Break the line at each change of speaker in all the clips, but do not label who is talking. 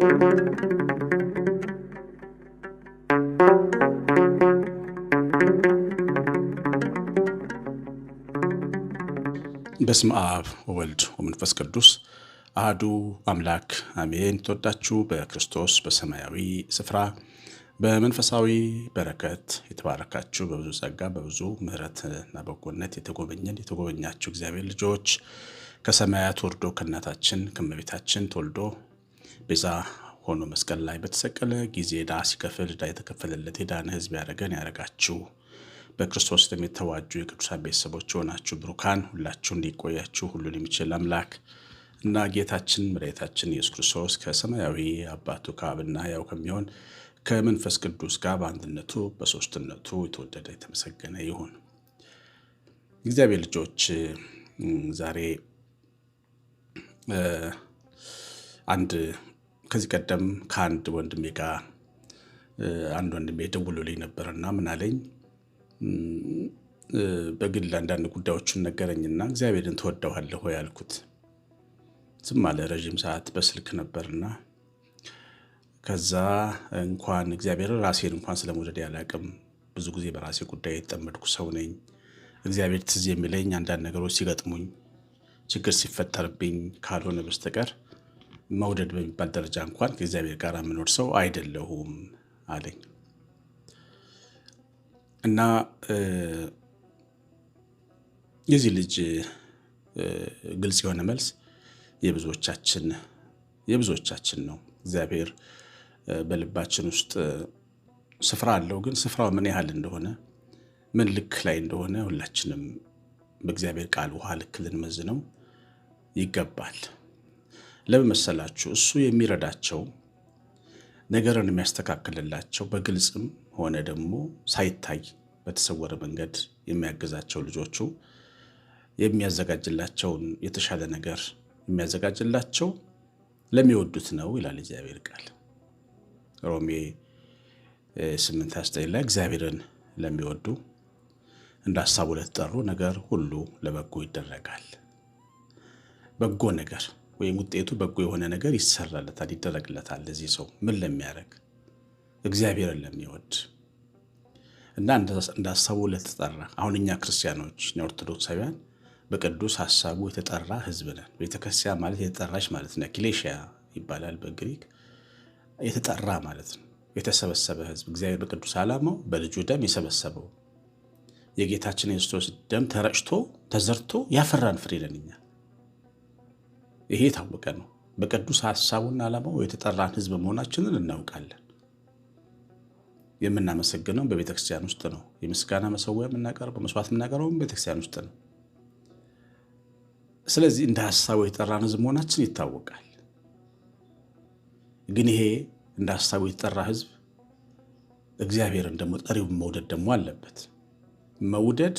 በስም አብ ወወልድ ወመንፈስ ቅዱስ አህዱ አምላክ አሜን። ተወዳችሁ በክርስቶስ በሰማያዊ ስፍራ በመንፈሳዊ በረከት የተባረካችሁ በብዙ ጸጋ በብዙ ምሕረትና በጎነት የተጎበኘን የተጎበኛችሁ እግዚአብሔር ልጆች ከሰማያት ወርዶ ከእናታችን ከእመቤታችን ተወልዶ ጠረጴዛ ሆኖ መስቀል ላይ በተሰቀለ ጊዜ ዕዳ ሲከፍል ዕዳ የተከፈለለት የዳነ ሕዝብ ያደረገን ያደረጋችሁ በክርስቶስ ደም የተዋጁ የቅዱሳን ቤተሰቦች የሆናችሁ ብሩካን ሁላችሁ እንዲቆያችሁ ሁሉን የሚችል አምላክ እና ጌታችን መድኃኒታችን ኢየሱስ ክርስቶስ ከሰማያዊ አባቱ ከአብና ያው ከሚሆን ከመንፈስ ቅዱስ ጋር በአንድነቱ በሶስትነቱ የተወደደ የተመሰገነ ይሁን። እግዚአብሔር ልጆች ዛሬ አንድ ከዚህ ቀደም ከአንድ ወንድሜ ጋር አንድ ወንድሜ ደውሎልኝ ነበርና ምናለኝ በግል አንዳንድ ጉዳዮችን ነገረኝና እግዚአብሔርን ተወደዋለሁ ያልኩት ዝም አለ። ረዥም ሰዓት በስልክ ነበርና ከዛ እንኳን እግዚአብሔር ራሴን እንኳን ስለመውደድ ያላቅም ብዙ ጊዜ በራሴ ጉዳይ የተጠመድኩ ሰው ነኝ። እግዚአብሔር ትዝ የሚለኝ አንዳንድ ነገሮች ሲገጥሙኝ፣ ችግር ሲፈጠርብኝ ካልሆነ በስተቀር መውደድ በሚባል ደረጃ እንኳን ከእግዚአብሔር ጋር የምኖር ሰው አይደለሁም አለኝ እና የዚህ ልጅ ግልጽ የሆነ መልስ የብዙዎቻችን የብዙዎቻችን ነው። እግዚአብሔር በልባችን ውስጥ ስፍራ አለው። ግን ስፍራው ምን ያህል እንደሆነ ምን ልክ ላይ እንደሆነ ሁላችንም በእግዚአብሔር ቃል ውሃ ልክ ልንመዝነው ይገባል። ለምን መሰላችሁ? እሱ የሚረዳቸው ነገርን የሚያስተካክልላቸው በግልጽም ሆነ ደግሞ ሳይታይ በተሰወረ መንገድ የሚያግዛቸው ልጆቹ የሚያዘጋጅላቸውን የተሻለ ነገር የሚያዘጋጅላቸው ለሚወዱት ነው ይላል እግዚአብሔር ቃል ሮሜ 8 አስጠኝ ላይ እግዚአብሔርን ለሚወዱ እንደ ሀሳቡ ለተጠሩ ነገር ሁሉ ለበጎ ይደረጋል። በጎ ነገር ወይም ውጤቱ በጎ የሆነ ነገር ይሰራለታል፣ ይደረግለታል። ለዚህ ሰው ምን ለሚያደርግ እግዚአብሔርን ለሚወድ እና እንዳሳቡ ለተጠራ አሁን እኛ ክርስቲያኖች ኦርቶዶክሳውያን በቅዱስ ሀሳቡ የተጠራ ህዝብ ነን። ቤተክርስቲያን ማለት የተጠራች ማለት ነው። ኪሌሽያ ይባላል በግሪክ የተጠራ ማለት ነው። የተሰበሰበ ህዝብ እግዚአብሔር በቅዱስ ዓላማው በልጁ ደም የሰበሰበው የጌታችን የክርስቶስ ደም ተረጭቶ ተዘርቶ ያፈራን ፍሬ ነን እኛ። ይሄ የታወቀ ነው። በቅዱስ ሀሳቡና ዓላማው የተጠራን ህዝብ መሆናችንን እናውቃለን። የምናመሰግነው በቤተክርስቲያን ውስጥ ነው። የምስጋና መሰዊያ የምናቀርበው መስዋዕት የምናቀርበው ቤተክርስቲያን ውስጥ ነው። ስለዚህ እንደ ሀሳቡ የተጠራን ህዝብ መሆናችን ይታወቃል። ግን ይሄ እንደ ሀሳቡ የተጠራ ህዝብ እግዚአብሔርን ደግሞ ጠሪውን መውደድ ደግሞ አለበት። መውደድ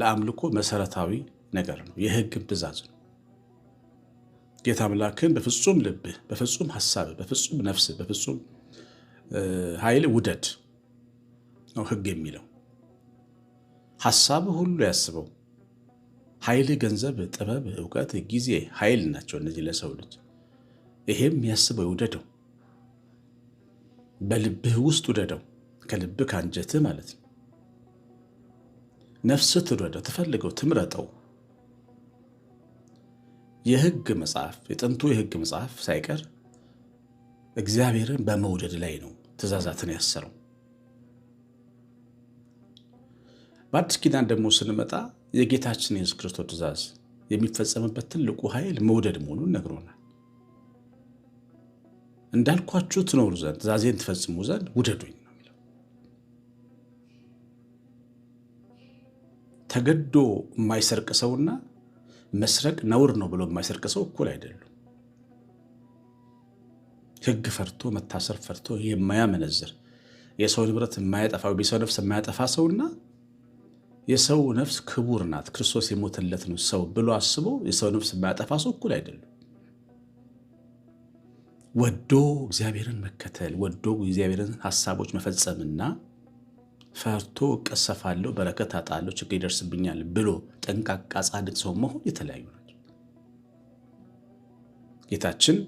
ለአምልኮ መሰረታዊ ነገር ነው። የህግን ትእዛዝ ነው። ጌታ አምላክን በፍጹም ልብህ፣ በፍጹም ሀሳብ በፍጹም ነፍስ በፍጹም ኃይል ውደድ ነው ህግ የሚለው። ሀሳብ ሁሉ ያስበው። ኃይል ገንዘብ፣ ጥበብ፣ እውቀት፣ ጊዜ፣ ኃይል ናቸው እነዚህ ለሰው ልጅ። ይሄም ያስበው ይውደደው፣ በልብህ ውስጥ ውደደው፣ ከልብህ ከአንጀትህ ማለት ነው። ነፍስህ ትውደደው፣ ትፈልገው፣ ትምረጠው የህግ መጽሐፍ የጥንቱ የህግ መጽሐፍ ሳይቀር እግዚአብሔርን በመውደድ ላይ ነው ትእዛዛትን ያሰረው። በአዲስ ኪዳን ደግሞ ስንመጣ የጌታችን የሱስ ክርስቶስ ትእዛዝ የሚፈጸምበት ትልቁ ኃይል መውደድ መሆኑን ነግሮናል። እንዳልኳችሁ ትኖሩ ዘንድ ትእዛዜን ትፈጽሙ ዘንድ ውደዱኝ ነው የሚለው። ተገዶ የማይሰርቅ ሰውና መስረቅ ነውር ነው ብሎ የማይሰርቅ ሰው እኩል አይደሉም። ህግ ፈርቶ መታሰር ፈርቶ የማያመነዝር የሰው ንብረት የማያጠፋ የሰው ነፍስ የማያጠፋ ሰውና የሰው ነፍስ ክቡር ናት ክርስቶስ የሞተለት ነው ሰው ብሎ አስቦ የሰው ነፍስ የማያጠፋ ሰው እኩል አይደሉም። ወዶ እግዚአብሔርን መከተል ወዶ እግዚአብሔርን ሀሳቦች መፈጸምና ፈርቶ እቀሰፋለሁ፣ በረከት አጣለሁ፣ ችግር ይደርስብኛል ብሎ ጠንቃቃ ጻድቅ ሰው መሆን የተለያዩ ናቸው። ጌታችን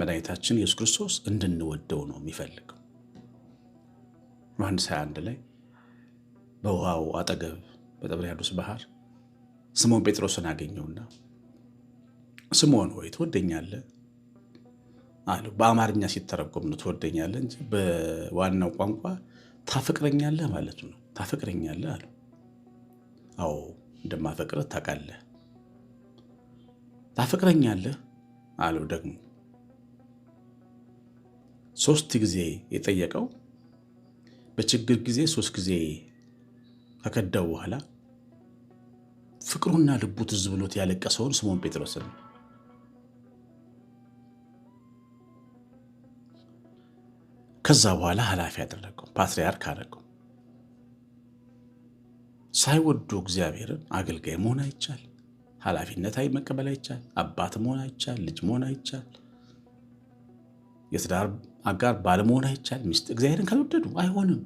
መድኃኒታችን ኢየሱስ ክርስቶስ እንድንወደው ነው የሚፈልገው። ዮሐንስ 21 ላይ በውሃው አጠገብ በጥብርያዶስ ባህር ስምዖን ጴጥሮስን አገኘውና ስምዖን ሆይ ትወደኛለህ አለው። በአማርኛ ሲተረጎም ነው ትወደኛለህ እንጂ በዋናው ቋንቋ ታፈቅረኛለህ ማለት ነው። ታፈቅረኛለህ አለው። አዎ እንደማፈቅርህ ታውቃለህ። ታፈቅረኛለህ አለው ደግሞ ሶስት ጊዜ የጠየቀው በችግር ጊዜ ሶስት ጊዜ ከከዳው በኋላ ፍቅሩና ልቡ ትዝ ብሎት ያለቀሰውን ስምዖን ጴጥሮስን ከዛ በኋላ ኃላፊ አደረገው፣ ፓትሪያርክ አደረገው። ሳይወዱ እግዚአብሔርን አገልጋይ መሆን አይቻል፣ ኃላፊነት መቀበል አይቻል፣ አባት መሆን አይቻል፣ ልጅ መሆን አይቻል፣ የትዳር አጋር ባለመሆን አይቻል። ሚስት እግዚአብሔርን ካልወደዱ አይሆንም።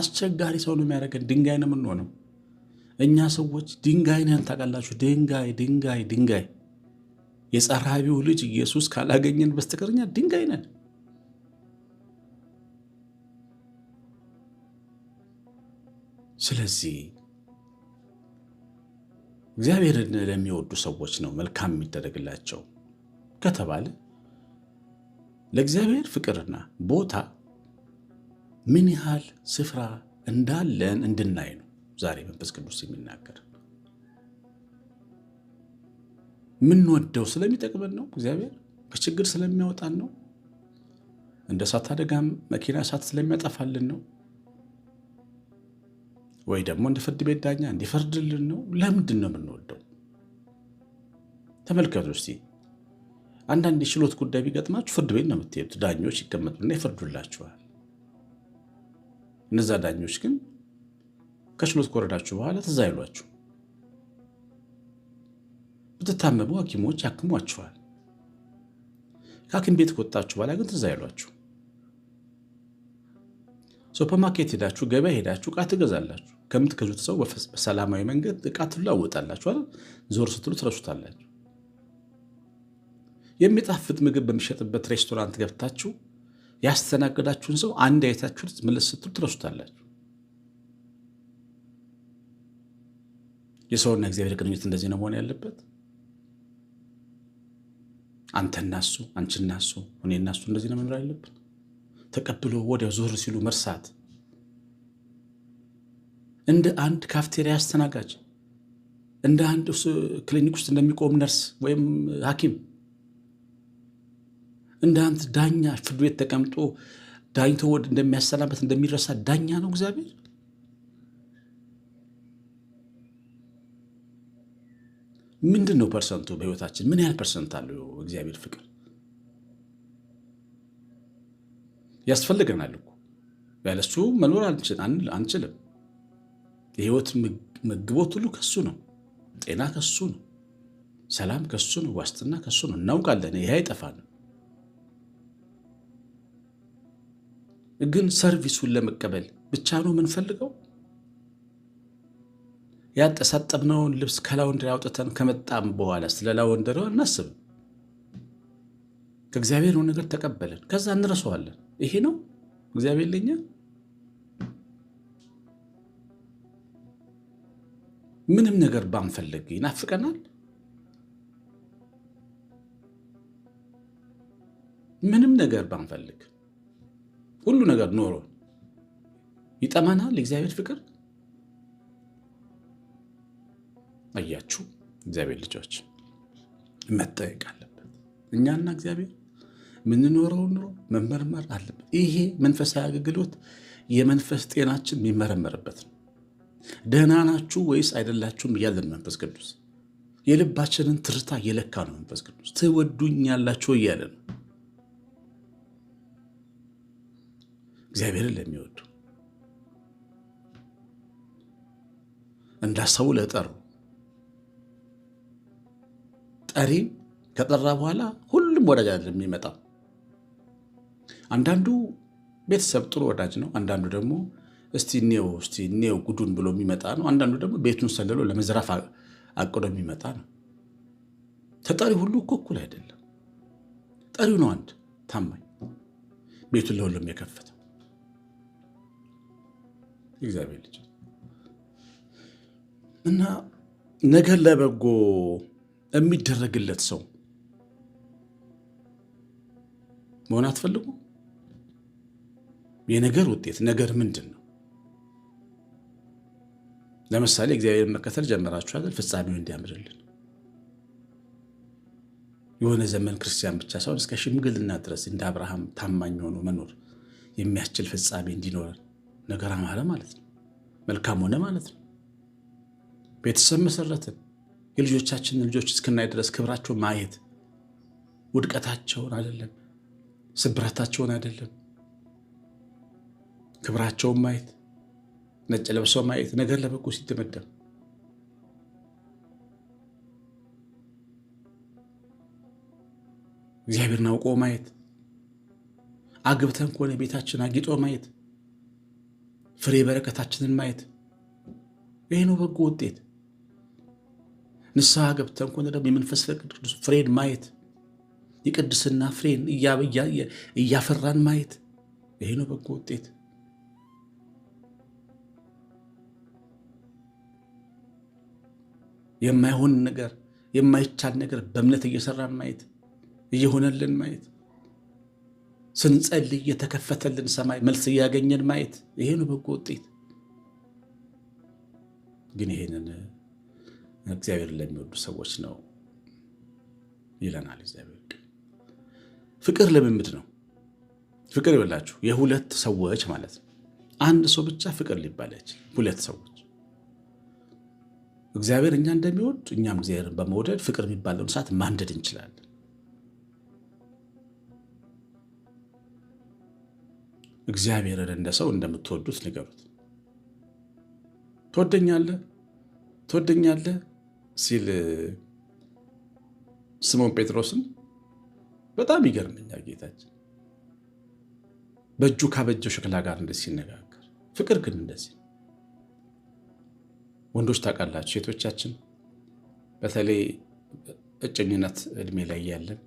አስቸጋሪ ሰው ነው የሚያደርገን። ድንጋይ ነው የምንሆነው እኛ ሰዎች። ድንጋይ ነን ታውቃላችሁ። ድንጋይ ድንጋይ ድንጋይ የጸራቢው ልጅ ኢየሱስ ካላገኘን በስተቀር እኛ ድንጋይ ነን። ስለዚህ እግዚአብሔርን ለሚወዱ ሰዎች ነው መልካም የሚደረግላቸው ከተባለ ለእግዚአብሔር ፍቅርና ቦታ ምን ያህል ስፍራ እንዳለን እንድናይ ነው ዛሬ መንፈስ ቅዱስ የሚናገር። የምንወደው ስለሚጠቅመን ነው። እግዚአብሔር ከችግር ስለሚያወጣን ነው። እንደ እሳት አደጋም መኪና እሳት ስለሚያጠፋልን ነው። ወይ ደግሞ እንደ ፍርድ ቤት ዳኛ እንዲፈርድልን ነው። ለምንድን ነው የምንወደው? ተመልከቱ እስቲ። አንዳንድ የችሎት ጉዳይ ቢገጥማችሁ ፍርድ ቤት ነው የምትሄዱት። ዳኞች ይቀመጡና ይፈርዱላችኋል። እነዛ ዳኞች ግን ከችሎት ከወረዳችሁ በኋላ ትዝ አይሏችሁ። ብትታመሙ ሐኪሞች ያክሟችኋል። ከሐኪም ቤት ከወጣችሁ በኋላ ግን ትዝ አይሏችሁ። ሱፐርማርኬት ሄዳችሁ ገበያ ሄዳችሁ እቃ ትገዛላችሁ። ከምትገዙት ሰው በሰላማዊ መንገድ እቃ ትለዋወጣላችሁ አይደል? ዞር ስትሉ ትረሱታላችሁ። የሚጣፍጥ ምግብ በሚሸጥበት ሬስቶራንት ገብታችሁ ያስተናገዳችሁን ሰው አንድ አይታችሁ መለስ ስትሉ ትረሱታላችሁ። የሰውና እግዚአብሔር ግንኙነት እንደዚህ ነው መሆን ያለበት። አንተ እናሱ አንቺ እናሱ፣ እኔ እናሱ እንደዚህ ነው መኖር ያለብን። ተቀብሎ ወዲያው ዞር ሲሉ መርሳት እንደ አንድ ካፍቴሪያ አስተናጋጅ፣ እንደ አንድ ክሊኒክ ውስጥ እንደሚቆም ነርስ ወይም ሐኪም፣ እንደ አንድ ዳኛ ፍርድ ቤት ተቀምጦ ዳኝቶ ወድ እንደሚያሰናበት እንደሚረሳ ዳኛ ነው እግዚአብሔር። ምንድን ነው ፐርሰንቱ? በህይወታችን ምን ያህል ፐርሰንት አለው እግዚአብሔር ፍቅር? ያስፈልገናል እኮ ያለሱ መኖር አንችልም። የህይወት ምግቦት ሁሉ ከሱ ነው። ጤና ከሱ ነው። ሰላም ከሱ ነው። ዋስትና ከሱ ነው። እናውቃለን፣ ይሄ አይጠፋንም። ግን ሰርቪሱን ለመቀበል ብቻ ነው የምንፈልገው። ያጠሳጠብነውን ልብስ ከላውንደሪ አውጥተን ከመጣም በኋላ ስለ ላውንደሪ እናስብ። ከእግዚአብሔር ነገር ተቀበለን ከዛ እንረሰዋለን ይሄ ነው እግዚአብሔር ለኛ ምንም ነገር ባንፈልግ ይናፍቀናል። ምንም ነገር ባንፈልግ ሁሉ ነገር ኖሮ ይጠማናል። የእግዚአብሔር ፍቅር አያችሁ፣ እግዚአብሔር ልጆች መጠየቅ አለበት። እኛና እግዚአብሔር የምንኖረው ኑሮ መመርመር አለበት። ይሄ መንፈሳዊ አገልግሎት የመንፈስ ጤናችን የሚመረመርበት ነው። ደህና ናችሁ ወይስ አይደላችሁም እያለን መንፈስ ቅዱስ የልባችንን ትርታ እየለካ ነው። መንፈስ ቅዱስ ትወዱኛላችሁ እያለ ነው። እግዚአብሔርን ለሚወዱ እንዳሰቡ ለጠሩ ጠሪም ከጠራ በኋላ ሁሉም ወዳጅ አይደለም የሚመጣው። አንዳንዱ ቤተሰብ ጥሩ ወዳጅ ነው፣ አንዳንዱ ደግሞ እስቲ እኔው እስቲ እኔው ጉዱን ብሎ የሚመጣ ነው። አንዳንዱ ደግሞ ቤቱን ሰልሎ ለመዝረፍ አቅዶ የሚመጣ ነው። ተጠሪ ሁሉ እኮ እኩል አይደለም። ጠሪው ነው አንድ ታማኝ ቤቱን ለሁሉም የከፈተው እግዚአብሔር ልጅ እና ነገር ለበጎ የሚደረግለት ሰው መሆን አትፈልጉ? የነገር ውጤት ነገር ምንድን ነው? ለምሳሌ እግዚአብሔር መከተል ጀመራችሁ አይደል? ፍጻሜው እንዲያምርልን የሆነ ዘመን ክርስቲያን ብቻ ሳይሆን እስከ ሽምግልና ድረስ እንደ አብርሃም ታማኝ ሆኖ መኖር የሚያስችል ፍጻሜ እንዲኖረን ነገር አማረ ማለት ነው። መልካም ሆነ ማለት ነው። ቤተሰብ መሰረትን። የልጆቻችንን ልጆች እስክናይ ድረስ ክብራቸው ማየት ውድቀታቸውን አይደለም፣ ስብረታቸውን አይደለም፣ ክብራቸውን ማየት ነጭ ለብሶ ማየት ነገር ለበጎ ሲደመደም እግዚአብሔርን አውቆ ማየት አግብተን ከሆነ ቤታችን አጊጦ ማየት ፍሬ በረከታችንን ማየት ይሄ ነው በጎ ውጤት። ንስሐ ገብተን ከሆነ ደግሞ የመንፈስ ቅዱስ ፍሬን ማየት የቅድስና ፍሬን እያፈራን ማየት ይሄ ነው በጎ ውጤት። የማይሆን ነገር የማይቻል ነገር በእምነት እየሰራን ማየት እየሆነልን ማየት ስንጸልይ የተከፈተልን ሰማይ መልስ እያገኘን ማየት ይሄ ነው በጎ ውጤት። ግን ይሄንን እግዚአብሔር ለሚወዱ ሰዎች ነው ይለናል። እግዚአብሔር ፍቅር ልምምድ ነው። ፍቅር ይበላችሁ የሁለት ሰዎች ማለት ነው። አንድ ሰው ብቻ ፍቅር ሊባል አይችልም። ሁለት ሰዎች እግዚአብሔር እኛ እንደሚወድ እኛም እግዚአብሔርን በመውደድ ፍቅር የሚባለውን እሳት ማንደድ እንችላለን። እግዚአብሔርን እንደ ሰው እንደምትወዱት ንገሩት። ትወደኛለህ ትወደኛለህ ሲል ስሞን ጴጥሮስን በጣም ይገርመኛል። ጌታችን በእጁ ካበጀው ሸክላ ጋር እንደዚህ ሲነጋገር፣ ፍቅር ግን እንደዚህ ወንዶች ታውቃላችሁ፣ ሴቶቻችን በተለይ እጭኝነት እድሜ ላይ ያለን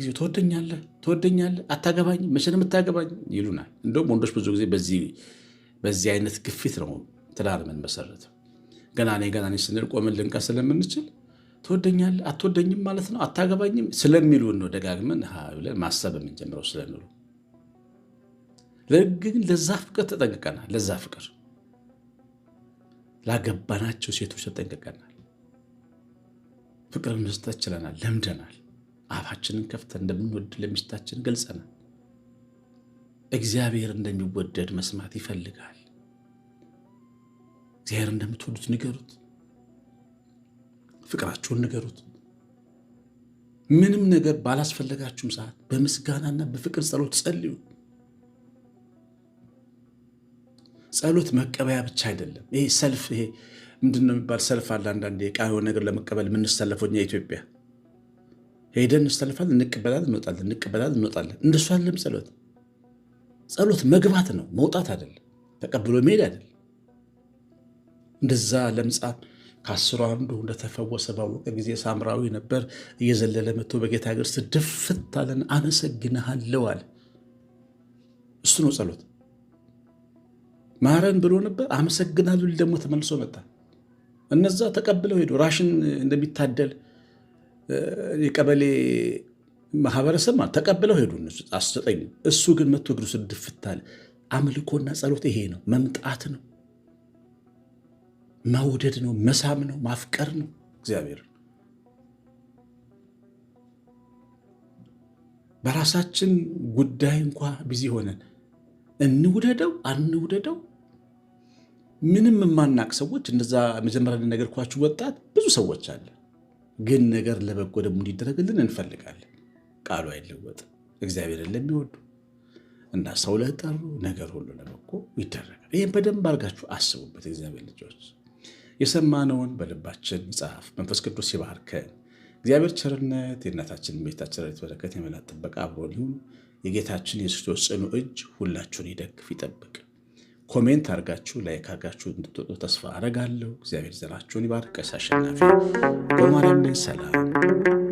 ጊዜ ትወደኛለህ ትወደኛለህ፣ አታገባኝ፣ መቼ ነው የምታገባኝ ይሉናል። እንደውም ወንዶች ብዙ ጊዜ በዚህ አይነት ግፊት ነው ትዳር የምንመሰረተው ገና እኔ ገና እኔ ስንል ቆምን ልንቀር ስለምንችል ትወደኛለህ፣ አትወደኝም ማለት ነው፣ አታገባኝም ስለሚሉን ነው ደጋግመን ብለን ማሰብ የምንጀምረው ስለሚሉ ግን ለዛ ፍቅር ተጠንቅቀናል። ለዛ ፍቅር ላገባናቸው ሴቶች ተጠንቅቀናል። ፍቅርን መስጠት ችለናል፣ ለምደናል። አፋችንን ከፍተን እንደምንወድ ለሚስታችን ገልጸናል። እግዚአብሔር እንደሚወደድ መስማት ይፈልጋል። እግዚአብሔር እንደምትወዱት ንገሩት፣ ፍቅራችሁን ንገሩት። ምንም ነገር ባላስፈለጋችሁም ሰዓት በምስጋናና በፍቅር ጸሎት ጸልዩ። ጸሎት መቀበያ ብቻ አይደለም። ይሄ ሰልፍ ይሄ ምንድን ነው የሚባል ሰልፍ አለ። አንዳንድ የዕቃ የሆነ ነገር ለመቀበል የምንሰለፈው እኛ ኢትዮጵያ ሄደን እንሰልፋለን፣ እንቀበላለን፣ እንወጣለን፣ እንቀበላለን፣ እንወጣለን። እንደሱ አይደለም ጸሎት። ጸሎት መግባት ነው መውጣት አይደለም፣ ተቀብሎ መሄድ አይደለም። እንደዛ ለምጻ ከአስሩ አንዱ እንደተፈወሰ ባወቀ ጊዜ ሳምራዊ ነበር። እየዘለለ መጥቶ በጌታ እግር ስር ድፍት አለን፣ አመሰግንሃለሁ አለ። እሱ ነው ጸሎት። ማረን ብሎ ነበር። አመሰግናሉ ደግሞ ተመልሶ መጣ። እነዛ ተቀብለው ሄዱ። ራሽን እንደሚታደል የቀበሌ ማህበረሰብ ተቀብለው ሄዱ። አስጠኝ እሱ ግን መቶ እግሩ ስር ድፍት አለ። አምልኮና ጸሎት ይሄ ነው። መምጣት ነው፣ መውደድ ነው፣ መሳም ነው፣ ማፍቀር ነው እግዚአብሔር በራሳችን ጉዳይ እንኳ ቢዚ ሆነን እንውደደው አንውደደው ምንም የማናቅ ሰዎች እንደዛ መጀመሪያ እንደነገርኳችሁ ወጣት ብዙ ሰዎች አለ። ግን ነገር ለበጎ ደግሞ እንዲደረግልን እንፈልጋለን። ቃሉ አይለወጥ እግዚአብሔርን ለሚወዱ እና ሰው ለጠሩ ነገር ሁሉ ለበጎ ይደረጋል። ይህም በደንብ አርጋችሁ አስቡበት። እግዚአብሔር ልጆች የሰማነውን በልባችን ጻፍ። መንፈስ ቅዱስ ይባርከን። እግዚአብሔር ቸርነት፣ የእናታችን ቤታችን ረድኤት በረከት፣ የመላት ጥበቃ አብሮን ይሁን። የጌታችን የክርስቶስ ጽኑ እጅ ሁላችሁን ይደግፍ ይጠብቅ። ኮሜንት አድርጋችሁ ላይክ አድርጋችሁ እንድትወጡ ተስፋ አረጋለሁ። እግዚአብሔር ዘራችሁን ይባርክ። ቀሲስ አሸናፊ ገብረማርያም ሰላም